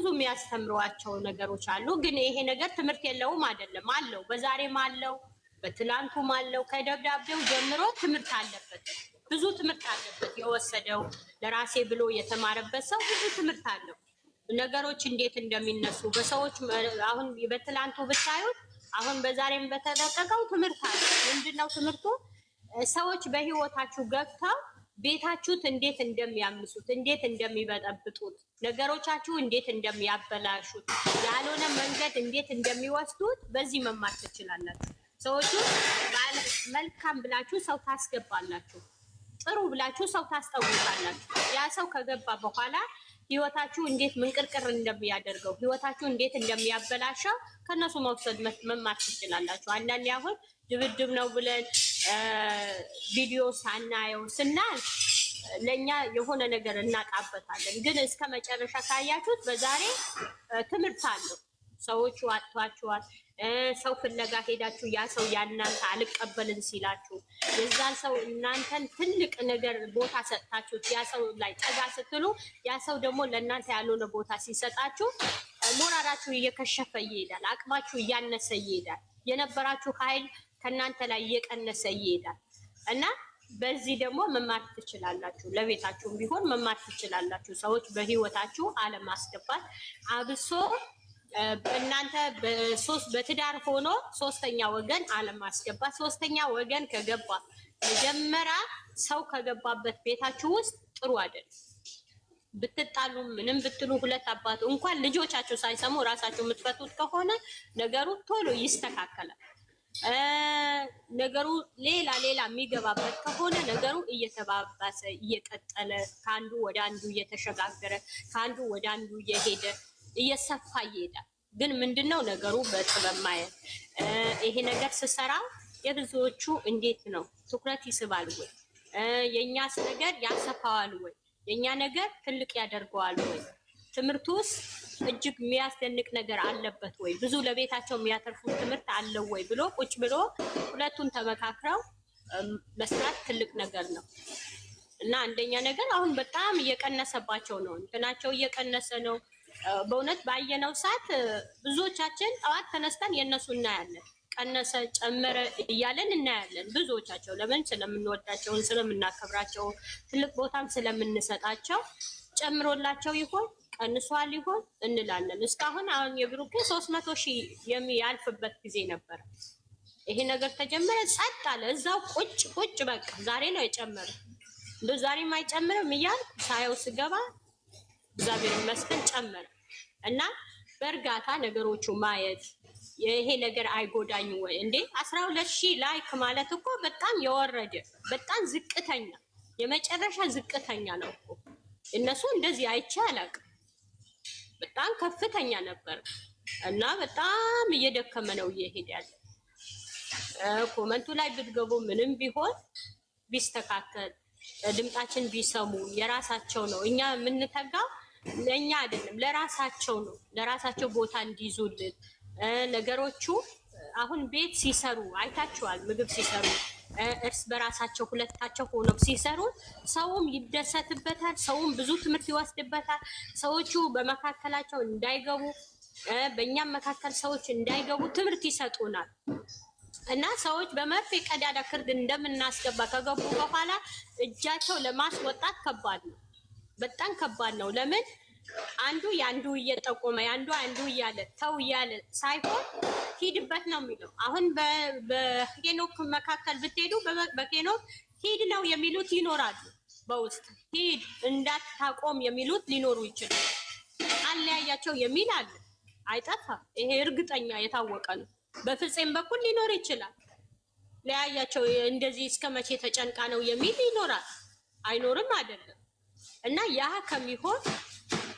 ብዙ የሚያስተምሯቸው ነገሮች አሉ። ግን ይሄ ነገር ትምህርት የለውም አይደለም፣ አለው። በዛሬም አለው፣ በትላንቱም አለው። ከደብዳቤው ጀምሮ ትምህርት አለበት፣ ብዙ ትምህርት አለበት። የወሰደው ለራሴ ብሎ የተማረበት ሰው ብዙ ትምህርት አለው። ነገሮች እንዴት እንደሚነሱ በሰዎች አሁን በትላንቱ ብታዩት፣ አሁን በዛሬም በተለቀቀው ትምህርት አለ። ምንድነው ትምህርቱ? ሰዎች በህይወታችሁ ገብተው ቤታችሁት እንዴት እንደሚያምሱት እንዴት እንደሚበጠብጡት ነገሮቻችሁ እንዴት እንደሚያበላሹት ያልሆነ መንገድ እንዴት እንደሚወስዱት በዚህ መማር ትችላላችሁ። ሰዎቹ መልካም ብላችሁ ሰው ታስገባላችሁ፣ ጥሩ ብላችሁ ሰው ታስታውቃላችሁ። ያ ሰው ከገባ በኋላ ህይወታችሁ እንዴት ምንቅርቅር እንደሚያደርገው ህይወታችሁ እንዴት እንደሚያበላሸው ከእነሱ መውሰድ መማር ትችላላችሁ። አንዳንዴ አሁን ድብድብ ነው ብለን ቪዲዮ ሳናየው ስናል ለእኛ የሆነ ነገር እናጣበታለን። ግን እስከ መጨረሻ ካያችሁት በዛሬ ትምህርት አለው። ሰዎቹ አጥቷችኋል። ሰው ፍለጋ ሄዳችሁ ያ ሰው ያናንተ አልቀበልን ሲላችሁ የዛን ሰው እናንተን ትልቅ ነገር ቦታ ሰጥታችሁት ያ ሰው ላይ ጠጋ ስትሉ ያ ሰው ደግሞ ለእናንተ ያልሆነ ቦታ ሲሰጣችሁ ሞራራችሁ እየከሸፈ ይሄዳል። አቅማችሁ እያነሰ ይሄዳል። የነበራችሁ ኃይል ከእናንተ ላይ እየቀነሰ ይሄዳል እና በዚህ ደግሞ መማር ትችላላችሁ። ለቤታችሁም ቢሆን መማር ትችላላችሁ። ሰዎች በህይወታችሁ አለማስገባት አብሶ እናንተ በሶስት በትዳር ሆኖ ሶስተኛ ወገን አለማስገባት። ሶስተኛ ወገን ከገባ መጀመሪያ ሰው ከገባበት ቤታችሁ ውስጥ ጥሩ አይደለም። ብትጣሉ ምንም ብትሉ ሁለት አባት እንኳን ልጆቻችሁ ሳይሰሙ እራሳችሁ የምትፈቱት ከሆነ ነገሩ ቶሎ ይስተካከላል። ነገሩ ሌላ ሌላ የሚገባበት ከሆነ ነገሩ እየተባባሰ እየቀጠለ ከአንዱ ወደ አንዱ እየተሸጋገረ ከአንዱ ወደ አንዱ እየሄደ እየሰፋ ይሄዳል። ግን ምንድነው ነገሩ በጥበብ ማየት ይሄ ነገር ስሰራ የብዙዎቹ እንዴት ነው ትኩረት ይስባል ወይ? የእኛስ ነገር ያሰፋዋል ወይ? የእኛ ነገር ትልቅ ያደርገዋል ወይ? ትምህርቱስ እጅግ የሚያስደንቅ ነገር አለበት ወይ ብዙ ለቤታቸው የሚያተርፉት ትምህርት አለው ወይ ብሎ ቁጭ ብሎ ሁለቱን ተመካክረው መስራት ትልቅ ነገር ነው እና አንደኛ ነገር አሁን በጣም እየቀነሰባቸው ነው፣ እንትናቸው እየቀነሰ ነው። በእውነት ባየነው ሰዓት ብዙዎቻችን ጠዋት ተነስተን የእነሱ እናያለን። ቀነሰ ጨመረ እያለን እናያለን። ብዙዎቻቸው ለምን ስለምንወዳቸውን፣ ስለምናከብራቸው፣ ትልቅ ቦታም ስለምንሰጣቸው ጨምሮላቸው ይሆን ቀንሷል ይሆን እንላለን። እስካሁን አሁን የብሩኬ ሶስት መቶ ሺህ የሚያልፍበት ጊዜ ነበረ። ይሄ ነገር ተጀመረ፣ ጸጥ አለ። እዛው ቁጭ ቁጭ በቃ ዛሬ ነው የጨመረ። እንደ ዛሬም አይጨምርም እያል ሳየው ስገባ እግዚአብሔር ይመስገን ጨመረ እና በእርጋታ ነገሮቹ ማየት ይሄ ነገር አይጎዳኝ ወይ እንዴ? አስራ ሁለት ሺህ ላይክ ማለት እኮ በጣም የወረደ በጣም ዝቅተኛ የመጨረሻ ዝቅተኛ ነው እኮ እነሱ እንደዚህ አይቼ አላውቅም። በጣም ከፍተኛ ነበር እና በጣም እየደከመ ነው እየሄደ ያለ። ኮመንቱ ላይ ብትገቡ ምንም ቢሆን ቢስተካከል ድምጣችን ቢሰሙ የራሳቸው ነው። እኛ የምንተጋ ለእኛ አይደለም ለራሳቸው ነው። ለራሳቸው ቦታ እንዲይዙልን ነገሮቹ አሁን ቤት ሲሰሩ አይታችኋል። ምግብ ሲሰሩ እርስ በራሳቸው ሁለታቸው ሆነው ሲሰሩ ሰውም ይደሰትበታል፣ ሰውም ብዙ ትምህርት ይወስድበታል። ሰዎቹ በመካከላቸው እንዳይገቡ፣ በእኛም መካከል ሰዎች እንዳይገቡ ትምህርት ይሰጡናል። እና ሰዎች በመርፌ ቀዳዳ ክርድ እንደምናስገባ ከገቡ በኋላ እጃቸው ለማስወጣት ከባድ ነው። በጣም ከባድ ነው። ለምን አንዱ የአንዱ እየጠቆመ የአንዱ አንዱ እያለ ተው እያለ ሳይሆን ሂድበት ነው የሚለው። አሁን በኬኖክ መካከል ብትሄዱ በኬኖክ ሂድ ነው የሚሉት ይኖራሉ። በውስጥ ሂድ እንዳታቆም የሚሉት ሊኖሩ ይችላል። አለያያቸው የሚል አለ፣ አይጠፋም። ይሄ እርግጠኛ የታወቀ ነው። በፍጼም በኩል ሊኖር ይችላል። ለያያቸው እንደዚህ እስከ መቼ ተጨንቃ ነው የሚል ይኖራል። አይኖርም አይደለም እና ያ ከሚሆን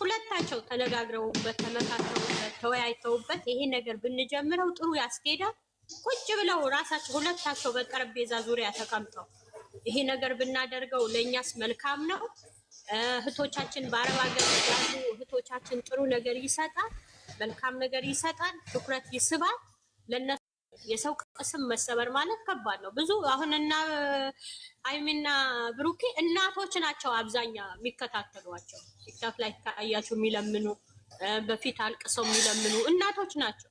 ሁለታቸው ተነጋግረውበት ተመካክረውበት ተወያይተውበት ይሄ ነገር ብንጀምረው ጥሩ ያስኬዳል። ቁጭ ብለው ራሳቸው ሁለታቸው በጠረጴዛ ዙሪያ ተቀምጠው ይሄ ነገር ብናደርገው ለእኛስ መልካም ነው፣ እህቶቻችን በአረብ ሀገር ያሉ እህቶቻችን ጥሩ ነገር ይሰጣል፣ መልካም ነገር ይሰጣል፣ ትኩረት ይስባል ለነሱ የሰው ስም መሰበር ማለት ከባድ ነው። ብዙ አሁን እና አይሚና ብሩኬ እናቶች ናቸው አብዛኛ የሚከታተሏቸው ቲክታክ ላይ ካያቸው የሚለምኑ በፊት አልቅሰው የሚለምኑ እናቶች ናቸው።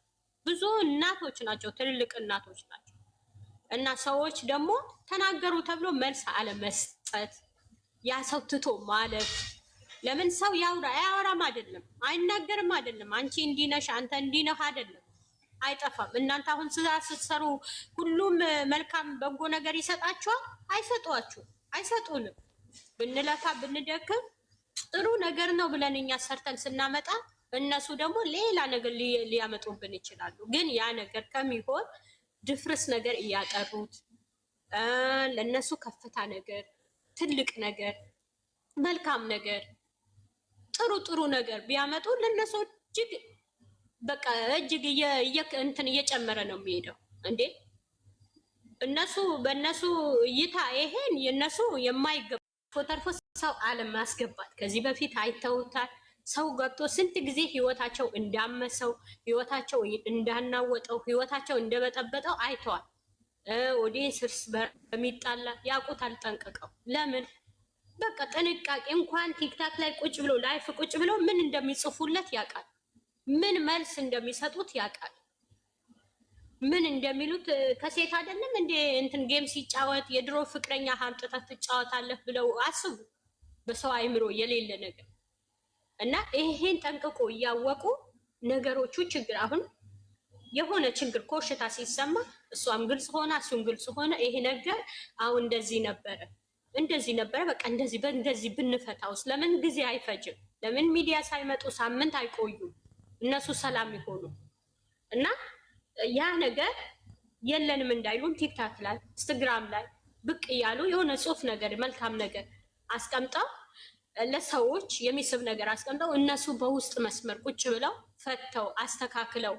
ብዙ እናቶች ናቸው፣ ትልልቅ እናቶች ናቸው። እና ሰዎች ደግሞ ተናገሩ ተብሎ መልስ አለመስጠት፣ ያ ሰው ትቶ ማለፍ ለምን ሰው ያውራ? አያወራም አይደለም፣ አይናገርም አይደለም፣ አንቺ እንዲነሽ አንተ እንዲነህ አይደለም አይጠፋም። እናንተ አሁን ስራ ስትሰሩ ሁሉም መልካም በጎ ነገር ይሰጣችኋል? አይሰጧችሁ፣ አይሰጡንም። ብንለፋ ብንደክም ጥሩ ነገር ነው ብለን እኛ ሰርተን ስናመጣ እነሱ ደግሞ ሌላ ነገር ሊያመጡብን ይችላሉ። ግን ያ ነገር ከሚሆን ድፍርስ ነገር እያጠሩት ለእነሱ ከፍታ ነገር፣ ትልቅ ነገር፣ መልካም ነገር፣ ጥሩ ጥሩ ነገር ቢያመጡ ለእነሱ እጅግ በቃ እጅግ እንትን እየጨመረ ነው የሚሄደው። እንዴ እነሱ በእነሱ እይታ ይሄን የእነሱ የማይገባ ፎተርፎ ሰው አለም ማስገባት ከዚህ በፊት አይተውታል። ሰው ገብቶ ስንት ጊዜ ህይወታቸው እንዳመሰው ህይወታቸው እንዳናወጠው ህይወታቸው እንደበጠበጠው አይተዋል። ኦዲየንስ እርስ በሚጣላ ያውቁታል ጠንቅቀው። ለምን በቃ ጥንቃቄ እንኳን ቲክታክ ላይ ቁጭ ብሎ ላይፍ ቁጭ ብሎ ምን እንደሚጽፉለት ያውቃል። ምን መልስ እንደሚሰጡት ያውቃል። ምን እንደሚሉት ከሴት አይደለም እንደ እንትን ጌም ሲጫወት የድሮ ፍቅረኛ አምጥተህ ትጫወታለህ ብለው አስቡ። በሰው አይምሮ የሌለ ነገር እና ይሄን ጠንቅቆ እያወቁ ነገሮቹ ችግር አሁን የሆነ ችግር ኮሽታ ሲሰማ እሷም ግልጽ ሆነ እሱም ግልጽ ሆነ። ይሄ ነገር አሁን እንደዚህ ነበረ እንደዚህ ነበረ በቃ እንደዚህ በእንደዚህ ብንፈታውስ ለምን ጊዜ አይፈጅም? ለምን ሚዲያ ሳይመጡ ሳምንት አይቆዩም? እነሱ ሰላም ይሆኑ እና ያ ነገር የለንም እንዳይሉም ቲክታክ ላይ ኢንስትግራም ላይ ብቅ እያሉ የሆነ ጽሁፍ ነገር መልካም ነገር አስቀምጠው ለሰዎች የሚስብ ነገር አስቀምጠው እነሱ በውስጥ መስመር ቁጭ ብለው ፈተው አስተካክለው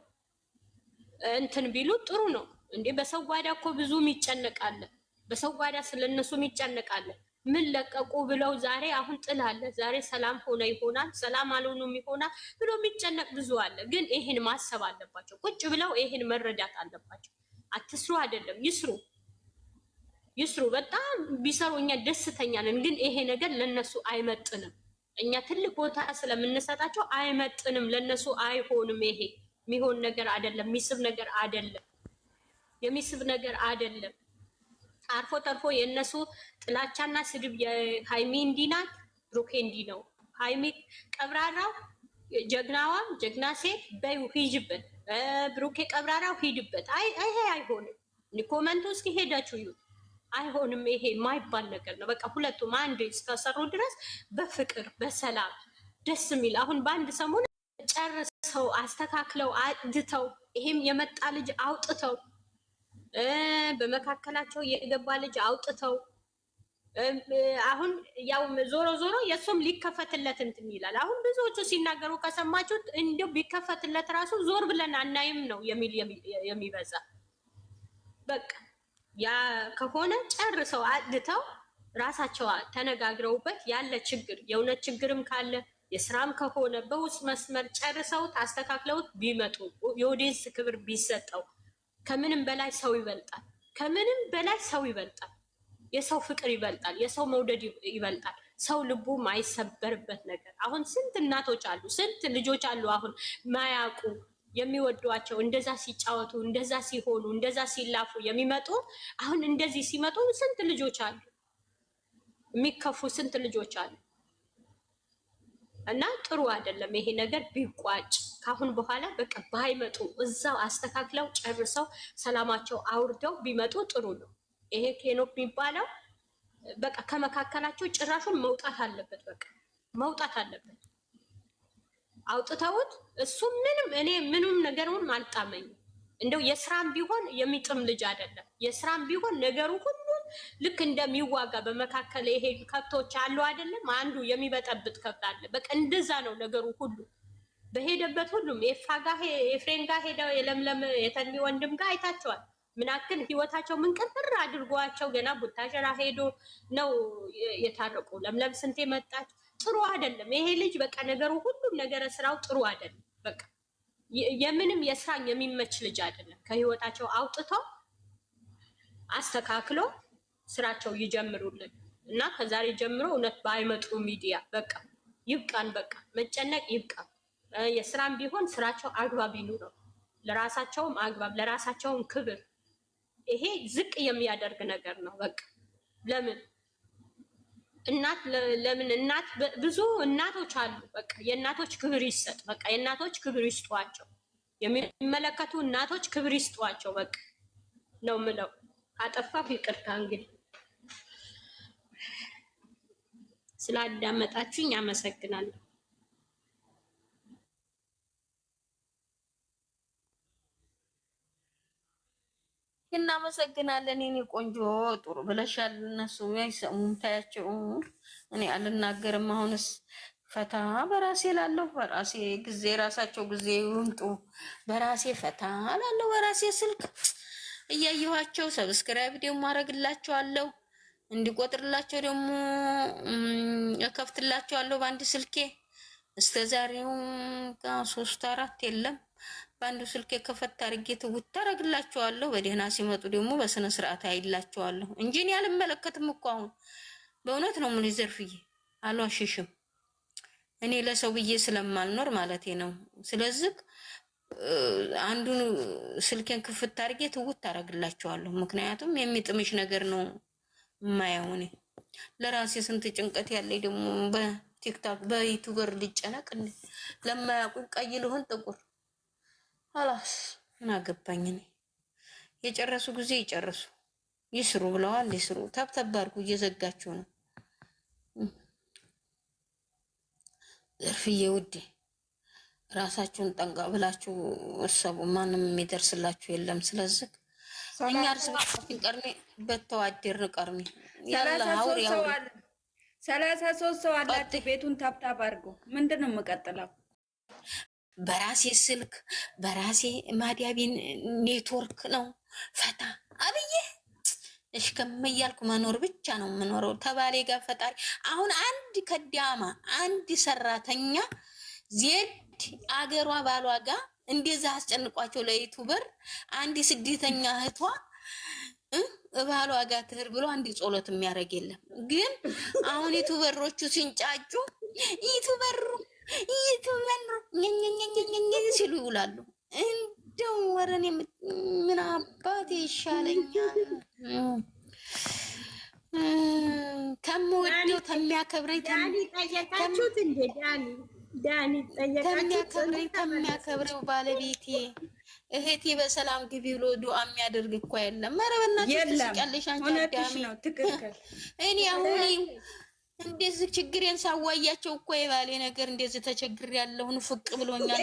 እንትን ቢሉ ጥሩ ነው እንዴ። በሰው ጓዳ እኮ ብዙም ይጨነቃለን። በሰው ጓዳ ስለነሱም ይጨነቃለን። ምን ለቀቁ ብለው ዛሬ አሁን ጥላለ አለ ዛሬ ሰላም ሆነ ይሆናል ሰላም አልሆኑም ይሆናል ብሎ የሚጨነቅ ብዙ አለ። ግን ይሄን ማሰብ አለባቸው። ቁጭ ብለው ይሄን መረዳት አለባቸው። አትስሩ አይደለም ይስሩ ይስሩ። በጣም ቢሰሩ እኛ ደስተኛ ነን። ግን ይሄ ነገር ለነሱ አይመጥንም። እኛ ትልቅ ቦታ ስለምንሰጣቸው አይመጥንም። ለነሱ አይሆንም። ይሄ የሚሆን ነገር አይደለም። የሚስብ ነገር አይደለም። የሚስብ ነገር አይደለም። አርፎ ተርፎ የእነሱ ጥላቻና ስድብ የሃይሚ እንዲህ ናት፣ ብሩኬ እንዲህ ነው። ሃይሚ ቀብራራው ጀግናዋ ጀግና ሴት በይው ሂጅበት፣ ብሩኬ ቀብራራው ሂድበት። ይሄ አይሆንም። ኮመንቱ እስኪ ሄዳችሁ ይሁት አይሆንም። ይሄ የማይባል ነገር ነው። በቃ ሁለቱም አንድ እስከሰሩ ድረስ በፍቅር በሰላም ደስ የሚል አሁን በአንድ ሰሞን ጨርሰው አስተካክለው አድተው ይሄም የመጣ ልጅ አውጥተው በመካከላቸው የገባ ልጅ አውጥተው አሁን ያው ዞሮ ዞሮ የእሱም ሊከፈትለት እንትን ይላል። አሁን ብዙዎቹ ሲናገሩ ከሰማችሁት እንዲያው ቢከፈትለት ራሱ ዞር ብለን አናይም ነው የሚል የሚበዛ በቃ ያ ከሆነ ጨርሰው አድተው ራሳቸው ተነጋግረውበት ያለ ችግር የእውነት ችግርም ካለ የስራም ከሆነ በውስጥ መስመር ጨርሰውት አስተካክለውት ቢመጡ የኦዲንስ ክብር ቢሰጠው ከምንም በላይ ሰው ይበልጣል። ከምንም በላይ ሰው ይበልጣል። የሰው ፍቅር ይበልጣል። የሰው መውደድ ይበልጣል። ሰው ልቡ ማይሰበርበት ነገር አሁን ስንት እናቶች አሉ፣ ስንት ልጆች አሉ አሁን ማያውቁ የሚወዷቸው እንደዛ ሲጫወቱ፣ እንደዛ ሲሆኑ፣ እንደዛ ሲላፉ የሚመጡ አሁን እንደዚህ ሲመጡ ስንት ልጆች አሉ፣ የሚከፉ ስንት ልጆች አሉ። እና ጥሩ አይደለም ይሄ ነገር ቢቋጭ። ካሁን በኋላ በቃ ባይመጡ እዛው አስተካክለው ጨርሰው ሰላማቸው አውርደው ቢመጡ ጥሩ ነው። ይሄ ኬኖክ የሚባለው በቃ ከመካከላቸው ጭራሹን መውጣት አለበት። በቃ መውጣት አለበት። አውጥተውት እሱ ምንም እኔ ምንም ነገሩን አልጣመኝም። እንደው የስራም ቢሆን የሚጥም ልጅ አይደለም። የስራም ቢሆን ነገሩ ሁሉ ልክ እንደሚዋጋ በመካከል የሄዱ ከብቶች አሉ አይደለም፣ አንዱ የሚበጠብጥ ከብት አለ። በቃ እንደዛ ነው ነገሩ ሁሉ በሄደበት ሁሉም ኤፍሬም ጋር ሄደው የለምለም የተኒ ወንድም ጋር አይታቸዋል። ምናክል ህይወታቸው ምንቅር አድርጓቸው ገና ቡታሸራ ሄዶ ነው የታረቁ። ለምለም ስንቴ መጣች። ጥሩ አይደለም ይሄ ልጅ በቃ ነገሩ ሁሉም ነገረ ስራው ጥሩ አይደለም። በቃ የምንም የስራኝ የሚመች ልጅ አይደለም። ከህይወታቸው አውጥተው አስተካክሎ ስራቸው ይጀምሩልን እና ከዛሬ ጀምሮ እውነት ባይመጡ ሚዲያ በቃ ይብቃን፣ በቃ መጨነቅ ይብቃ። የስራም ቢሆን ስራቸው አግባብ ይኑረው፣ ለራሳቸውም አግባብ፣ ለራሳቸውም ክብር። ይሄ ዝቅ የሚያደርግ ነገር ነው። በቃ ለምን እናት ለምን እናት ብዙ እናቶች አሉ። በቃ የእናቶች ክብር ይሰጥ። በቃ የእናቶች ክብር ይስጧቸው፣ የሚመለከቱ እናቶች ክብር ይስጧቸው። በቃ ነው ምለው። አጠፋሁ፣ ይቅርታ እንግዲህ ስላዳመጣችሁኝ አመሰግናለሁ። እናመሰግናለን የኔ ቆንጆ ጥሩ ብለሻል። እነሱ አይሰሙም ታያቸው። እኔ አልናገርም። አሁንስ ፈታ በራሴ ላለሁ በራሴ ጊዜ ራሳቸው ጊዜ ይምጡ። በራሴ ፈታ ላለሁ በራሴ ስልክ እያየኋቸው ሰብስክራይብ ደግሞ አረግላቸዋለሁ። እንዲቆጥርላቸው ደግሞ እከፍትላቸዋለሁ በአንድ ስልኬ። እስከ ዛሬውም ሶስት አራት የለም በአንዱ ስልኬ ከፈት አድርጌ ትውት ታደርግላቸዋለሁ። በደህና ሲመጡ ደግሞ በስነ ስርዓት አይላቸዋለሁ እንጂ እኔ አልመለከትም እኮ አሁን በእውነት ነው ሙሉ ዘርፍዬ፣ አልዋሽሽም። እኔ ለሰው ብዬ ስለማልኖር ማለት ነው። ስለዚህ አንዱን ስልኬን ክፍት አድርጌ ትውት ታደርግላቸዋለሁ። ምክንያቱም የሚጥምሽ ነገር ነው ማያውኔ ለራሴ ስንት ጭንቀት ያለኝ ደግሞ በቲክታክ በዩቱበር ልጨነቅ እንዴ ለማያውቁኝ ቀይ ልሆን ጥቁር አላስ ምን አገባኝ እኔ የጨረሱ ጊዜ ይጨርሱ ይስሩ ብለዋል ይስሩ ተብተብ አድርጉ እየዘጋችሁ ነው ዘርፍዬ ውዴ ራሳችሁን ጠንቃ ብላችሁ እሰቡ ማንም የሚደርስላችሁ የለም ስለዚህ እኛ እርስ በርሳችን ቀርሜ በተዋደር ቀርሜ ሰላሳ ሶስት ሰው አላችሁ። ቤቱን ታብታብ አድርጎ ምንድን ነው የምቀጥለው? በራሴ ስልክ በራሴ ማዲያቢን ኔትወርክ ነው ፈታ አብዬ እሽከም እሽከምያልኩ መኖር ብቻ ነው የምኖረው። ተባሌ ጋር ፈጣሪ አሁን አንድ ከዳማ አንድ ሰራተኛ ዜድ አገሯ ባሏ ጋር እንደዛ አስጨንቋቸው ለዩቱበር አንድ ስደተኛ እህቷ እባሏ ጋር ትህር ብሎ አንድ ጸሎት የሚያደርግ የለም። ግን አሁን ዩቱበሮቹ ሲንጫጩ ዩቱበሩ ዩቱበሩ ሲሉ ይውላሉ። እንደው ወረን ምን አባት ይሻለኛል ከምወደው ከሚያከብረኝ ጠየቃችሁት እንደ ዳኒ ከሚያከብረው ባለቤቴ እህቴ በሰላም ግቢ ብሎ ዱዓ የሚያደርግ እኮ የለም። ኧረ በእናትሽ ትስቂያለሽ አንቺ አዳሚ። እኔ አሁን እንደዚህ ችግሬን ሳዋያቸው እኮ የባሌ ነገር እንደዚህ ተቸግር ያለሁ ንፍቅ ብሎኛል።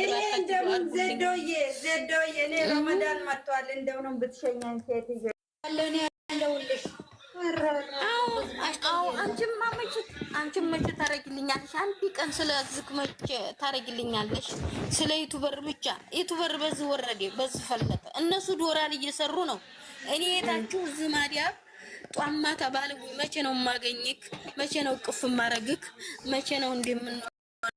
ዘዶዬ ዘዶዬ፣ እኔ ረመዳን መጥቷል እንደውም ብትሸኛኝ ሴትዮ ያለውልሽ አንቺም መች አንቺም መች ታደርጊልኛለሽ? አንድ ቀን ስለ ዝክ መች ታደርጊልኛለሽ? ስለ ዩቱበር ብቻ ዩቱበር በዚህ ወረዴ በዚህ ፈለጠ። እነሱ ዶላር እየሰሩ ነው። እኔ የታችሁ እዚህ ማዲያብ ጧማታ ባለ መቼ ነው የማገኝክ? መቼ ነው ቅፍ ማረግክ? መቼ ነው እንደምን